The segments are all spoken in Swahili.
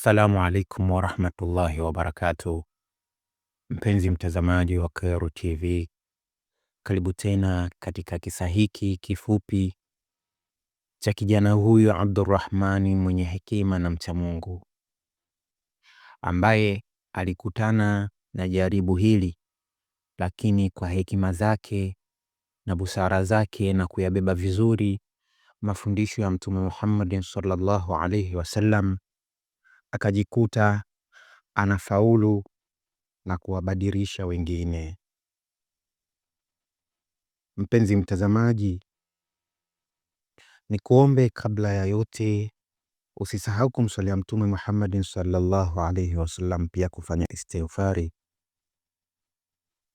Assalamu alaikum warahmatullahi wabarakatuh, mpenzi mtazamaji wa Khairo TV, karibu tena katika kisa hiki kifupi cha kijana huyu Abdurrahmani mwenye hekima na mcha Mungu ambaye alikutana na jaribu hili, lakini kwa hekima zake na busara zake na kuyabeba vizuri mafundisho ya Mtume Muhammadin sallallahu alaihi wasallam akajikuta anafaulu na kuwabadirisha wengine. Mpenzi mtazamaji, ni kuombe kabla ya yote usisahau kumswalia Mtume Muhammadin sallallahu alaihi wasallam, pia kufanya istighfari,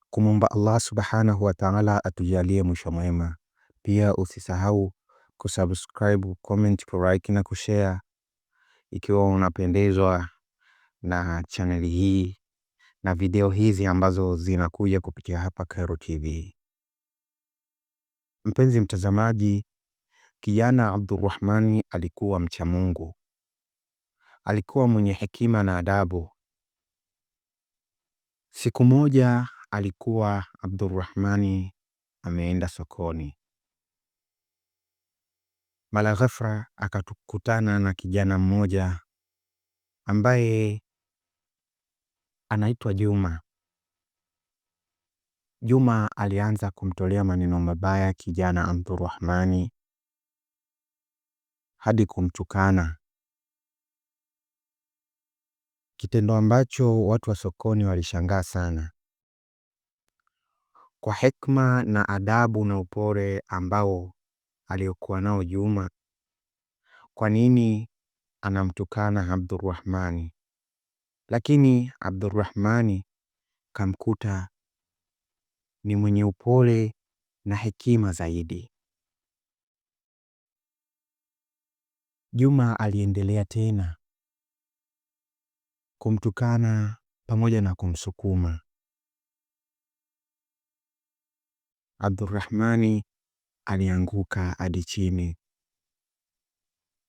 kumwomba Allah subhanahu wa ta'ala atujalie mwisho mwema. Pia usisahau kusubscribe, comment, kulike na kushare ikiwa unapendezwa na chaneli hii na video hizi ambazo zinakuja kupitia hapa Khero TV. Mpenzi mtazamaji, kijana Abdurrahmani alikuwa mcha Mungu, alikuwa mwenye hekima na adabu. Siku moja alikuwa Abdurrahmani ameenda sokoni, mara ghafla akakutana na kijana mmoja ambaye anaitwa Juma. Juma alianza kumtolea maneno mabaya kijana Abdurahmani hadi kumtukana, kitendo ambacho watu wa sokoni walishangaa sana. Kwa hekima na adabu na upole ambao aliyokuwa nao Juma? Kwa nini anamtukana Abdurrahmani? Lakini Abdurrahmani kamkuta ni mwenye upole na hekima zaidi. Juma aliendelea tena kumtukana pamoja na kumsukuma. Abdurrahmani alianguka hadi chini.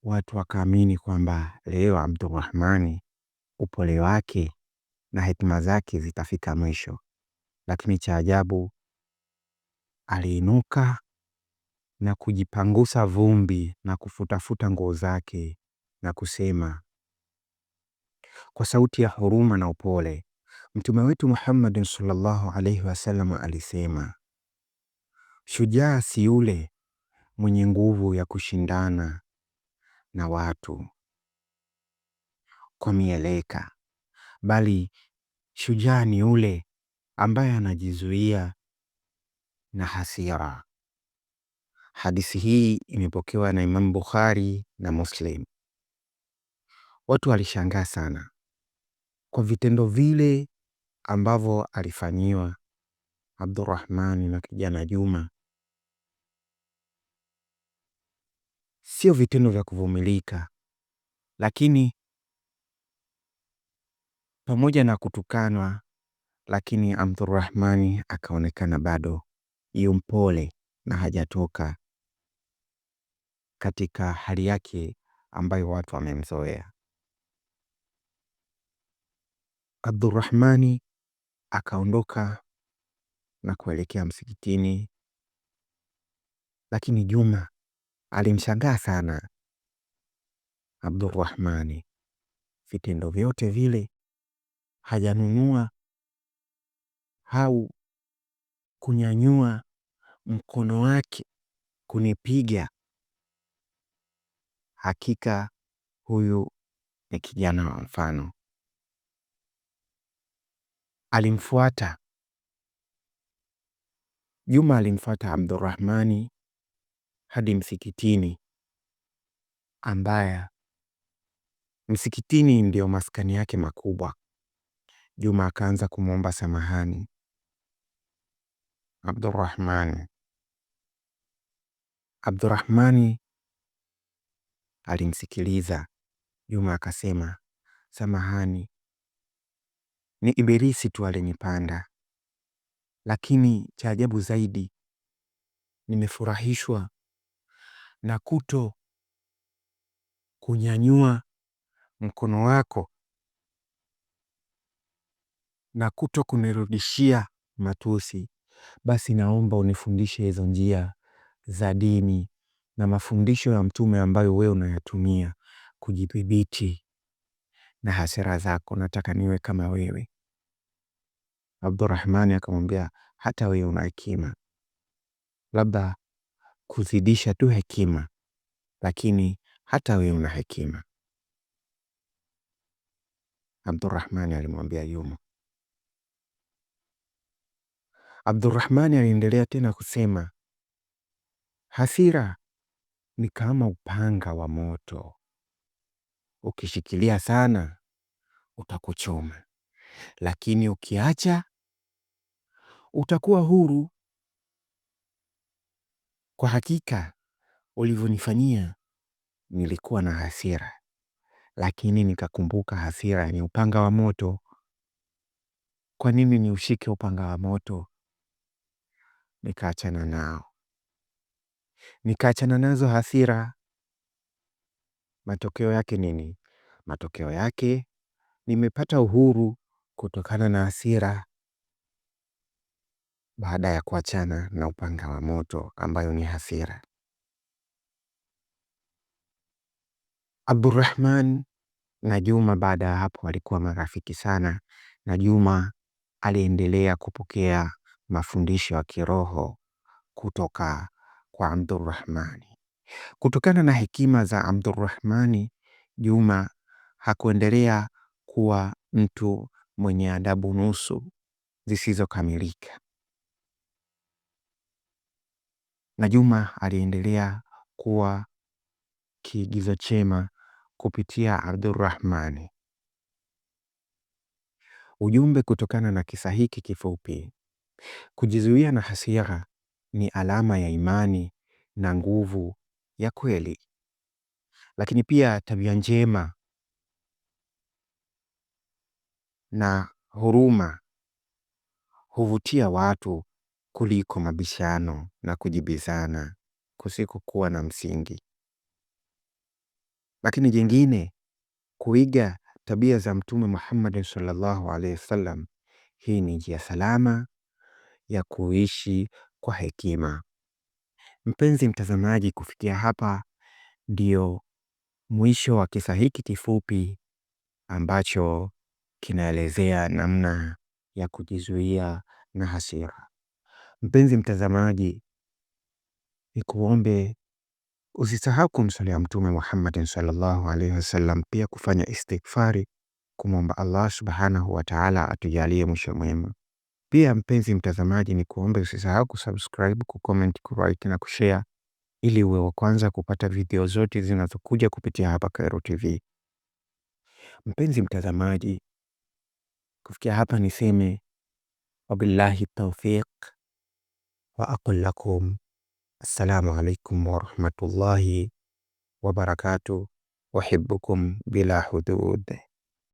Watu wakaamini kwamba leo Abdurrahmani upole wake na hekima zake zitafika mwisho, lakini cha ajabu aliinuka na kujipangusa vumbi na kufutafuta nguo zake na kusema kwa sauti ya huruma na upole, Mtume wetu Muhammadin sallallahu alaihi wasallam alisema, Shujaa si yule mwenye nguvu ya kushindana na watu kwa mieleka, bali shujaa ni yule ambaye anajizuia na hasira. Hadithi hii imepokewa na imamu Bukhari na Muslim. Watu walishangaa sana kwa vitendo vile ambavyo alifanyiwa Abdurrahmani na kijana Juma sio vitendo vya kuvumilika. Lakini pamoja na kutukanwa, lakini Abdurrahmani akaonekana bado yu mpole na hajatoka katika hali yake ambayo watu wamemzoea. Abdurrahmani akaondoka na kuelekea msikitini, lakini Juma Alimshangaa sana abdurrahmani vitendo vyote vile hajanunua au kunyanyua mkono wake kunipiga. Hakika huyu ni kijana wa mfano. Alimfuata Juma, alimfuata abdurrahmani hadi msikitini ambaya msikitini ndio maskani yake makubwa. Juma akaanza kumwomba samahani Abdurahmani. Abdurahmani alimsikiliza Juma akasema, samahani, ni Ibilisi tu alinipanda, lakini cha ajabu zaidi nimefurahishwa na kuto kunyanyua mkono wako na kuto kunirudishia matusi, basi naomba unifundishe hizo njia za dini na mafundisho ya Mtume ambayo wewe unayatumia kujidhibiti na hasira zako. Nataka niwe kama wewe. Abdurahmani akamwambia hata wewe una hekima, labda kuzidisha tu hekima, lakini hata wewe una hekima. Abdurrahmani alimwambia Yuma. Abdurrahmani aliendelea tena kusema, hasira ni kama upanga wa moto, ukishikilia sana utakuchoma, lakini ukiacha utakuwa huru. Kwa hakika, ulivyonifanyia nilikuwa na hasira, lakini nikakumbuka hasira ni upanga wa moto. Kwa nini niushike upanga wa moto? Nikaachana nao, nikaachana nazo hasira. Matokeo yake nini? Matokeo yake nimepata uhuru kutokana na hasira baada ya kuachana na upanga wa moto ambayo ni hasira. Abdurrahman na Juma baada ya hapo walikuwa marafiki sana, na Juma aliendelea kupokea mafundisho ya kiroho kutoka kwa Abdurrahmani. Kutokana na hekima za Abdurrahmani, Juma hakuendelea kuwa mtu mwenye adabu nusu zisizokamilika, na Juma aliendelea kuwa kiigizo chema kupitia Abdurrahmani. Ujumbe kutokana na kisa hiki kifupi: kujizuia na hasira ni alama ya imani na nguvu ya kweli, lakini pia tabia njema na huruma huvutia watu kuliko mabishano na kujibizana kusikokuwa na msingi. Lakini jingine, kuiga tabia za Mtume Muhammad sallallahu alaihi wasallam. Hii ni njia salama ya kuishi kwa hekima. Mpenzi mtazamaji, kufikia hapa ndio mwisho wa kisa hiki kifupi ambacho kinaelezea namna ya kujizuia na hasira. Mpenzi mtazamaji, nikuombe usisahau kumswalia Mtume Muhammad sallallahu alaihi wasallam, pia kufanya istighfari kumwomba Allah subhanahu wataala atujalie mwisho mwema. Pia mpenzi mtazamaji, nikuombe usisahau kusubscribe, kucomment, kulike na kushare ili uwe wa kwanza kupata video zote zinazokuja kupitia hapa Khairo TV. Mpenzi mtazamaji, kufikia hapa niseme wabillahi taufiq. وأقول لكم السلام عليكم ورحمة الله وبركاته أحبكم بلا حدود